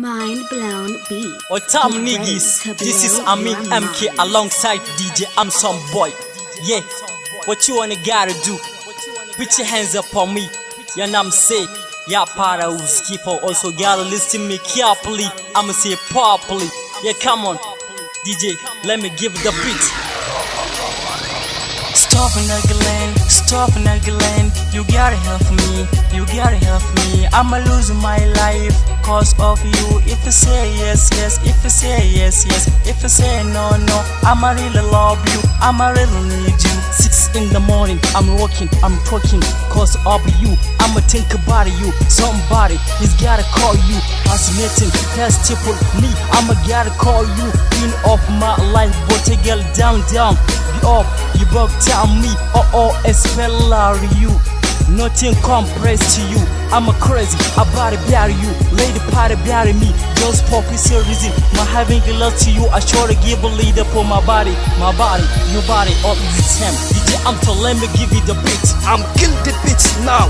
Mind blown beat. What's up, niggas? This is Amin MK alongside DJ I'm Some Boy. Yeah, what you wanna gotta do? Put your hands up on me. Yeah, I'm sick. Yeah, para who's keep also gotta listen me carefully. I'ma say properly. Yeah, come on, DJ, let me give the beat. Stop and again, stop and again. You gotta help me, you gotta help me. I'ma lose my life cause of you If you say yes, yes, if you say yes, yes If you say no, no, I'ma really love you I'ma really need you Six in the morning, I'm walking, I'm talking Cause of you, I'ma think about you Somebody is gotta call you Fascinating, that's triple me I'ma gotta call you Queen of my life, but a girl down, down Be up, you broke down me Oh, oh, it's spell you nothing compares to you. I'm a crazy, about to bury you. Lady party bury me. Girls pop is your reason. My having love to you, I sure to give a leader for my body. My body, your body, all the same. DJ, I'm to let me give you the beat. I'm killing the beat now.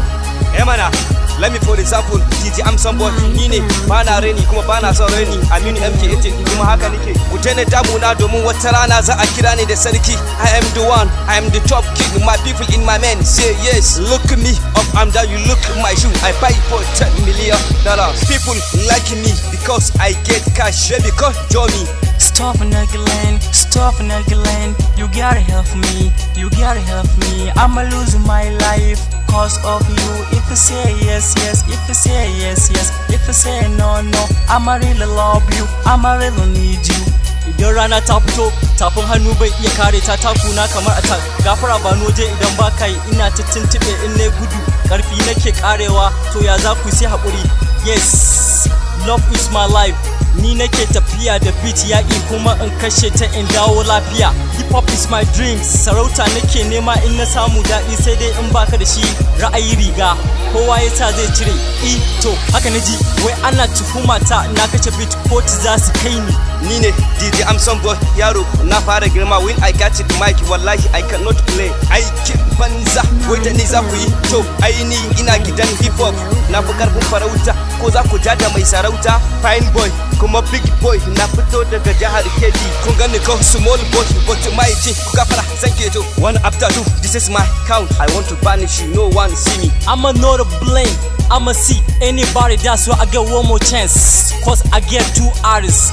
Emana. Ah. lami for example dj I'm somebody ni ne ba na reni kuma ba na son reni aminu mk 18 kuma haka nike ku daina damuna domin wata rana za a kira ni da sarki i am the one i am the top king my people in my men say yes look me up and down you look my shoe i buy for 10 million dollars people like me because i get cash because johnny and again, and again You gotta help me, you gotta help me I'ma lose my life cause of you If you say yes, yes, if you say yes, yes If you say no, no I'ma really love you, I'ma really need you idan rana ta fito tafin hannu bai iya kare ta takuna kamar a tan gafara ba noje idan ba ka yi ina ta tuntube in na gudu karfi nake karewa to ya za ku sai haƙuri yes love is my life ni nake tafiya da beat yaƙi kuma in kashe ta in dawo lafiya hip hop is my dream sarauta nake nema in na samu daɗi sai dai in baka da shi ra'ayi riga kowa ya sa zai cire i to haka na ji wai ana tuhuma ta na kashe beat ko ta za su kai ni ni ne dj amson boy yaro na fara girma when i got the mic wallahi i cannot play keep banza wai da ni za ku yi to aini ina gidan hip hop na fi karfin farauta ko za ku ja da mai sarauta fine boy kuma big boy na fito daga jihar kebbi kun gani ko small boy but my chin ku gafara zan keto one after two this is my count i want to banish you no one see me i'm not a blame i'ma see anybody that's why i get one more chance cause i get two artists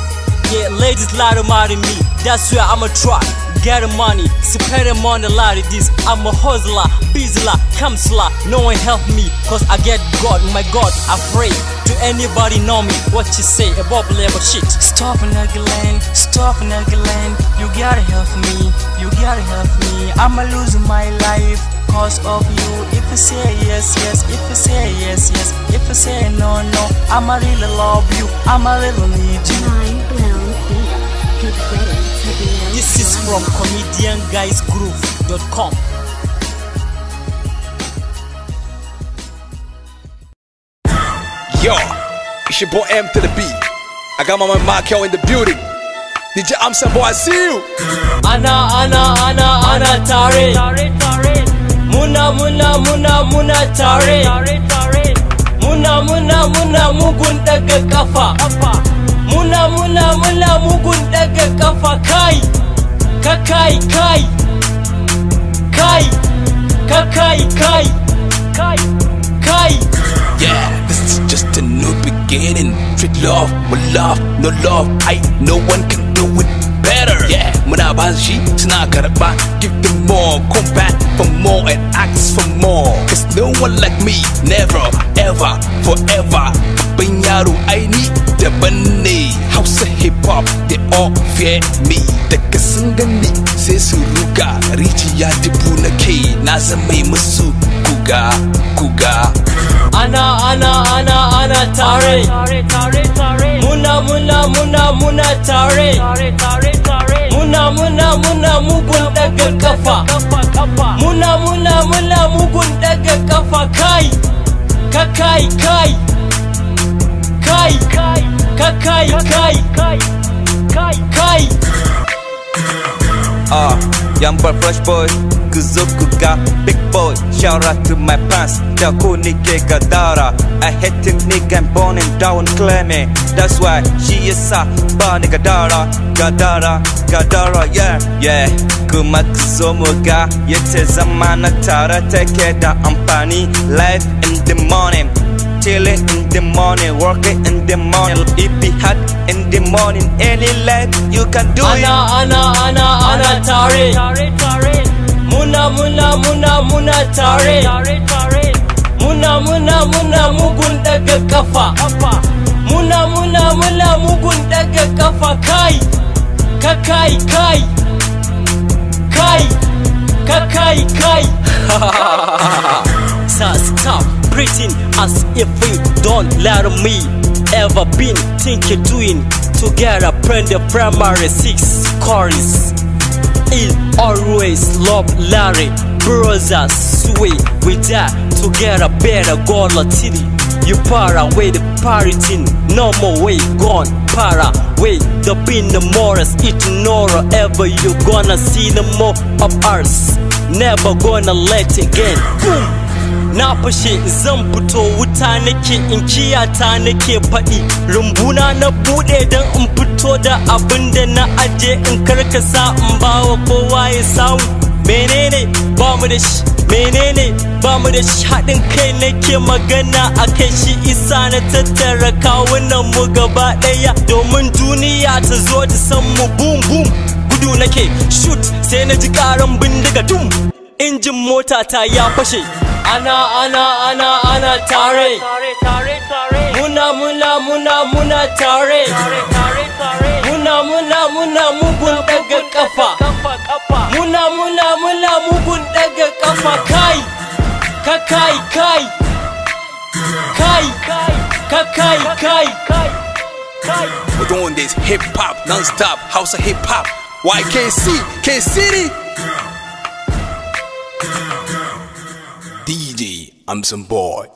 yeah ladies lie to me that's why i'ma try get money, spend them on a lot of this. I'm a hustler, bizzler, counselor. No one help me, cause I get God, my God, I pray. Do anybody know me? What you say about level shit? Stop and again, stop and again. You gotta help me, you gotta help me. I'ma lose my life because of you. If you say yes, yes, if you say yes, yes, if you say no, no, I'ma really love you, I'ma really need you. blown feet this is from ComedianGuysGroup.com. Yo, it's your boy M to the B. I got my man Markel in the building. DJ Amsa boy, I see you. Ana, ana, ana, ana, tare. Muna, muna, muna, muna, tare. Muna, muna, muna, mugun daga kafa. Muna, muna, muna, mugun daga kafa kai. Kakai kai Kai Kakai kai Kai Kai Yeah, this is just a new beginning Treat love with love, no love I no one can do it better Yeah, muna not gonna karba Give them more, come back for more and ask for more. Cause no one like me, never, ever, forever. Ban yaro the daban ne, Hausa hip hop, they all fear me. The sun gani sai su ruga, rijiya dubu na musu kuga, kuga. Ana, ana, ana, ana tare. tare, tare, tare. muna muna tare muna muna muna mugun daga kafa muna muna muna mugun daga kafa kai ka kai kai kai ka kai kai kai kai ah. Young boy, fresh boy, Kuzokuga, big boy. Shout out to my pants, Taku Nike Gadara. I hate him nigga and born and down claiming. That's why she is a Bani Gadara, Gadara, Gadara, yeah, yeah. Kuma Kuzomuga, Yete Zamana Tara, take da funny. Life in the morning. Chilling in the morning, working in the morning. It be hot in the morning, any life you can do it. Anna, Anna, Anna tare muna muna muna muna tare muna muna muna mugun daga kafa muna muna muna mugun daga kafa kai ka kai kai kai kai kai sa stop breathing as if you don't let me ever been thinking doing together, print the primary six chorus. I'll always love Larry Brothers sweet We die together better quality You para away the pirating No more way gone para way The pin the eating Ignore ever you gonna see the more of ours Never gonna let it again Boom na fashe zan fito wuta nake in kiyata nake faɗi rumbuna na buɗe don in fito da abin da na aje in karkasa in bawa kowa ya samu menene ba mu da shi menene ba mu da shi haɗin kai nake magana a kai shi isa na tattara kawunan mu gaba ɗaya domin duniya ta zo da san mu boom boom gudu nake shoot sai na ji ƙaran bindiga dum injin mota ta ya fashe Ana ana ana ana tare Muna muna muna muna tare Muna muna muna mugun daga kafa Muna muna muna mugun daga kafa kai ka kai kai kai ka kai kai We're doing this hip hop non-stop house of hip hop YKC K City I'm some boy.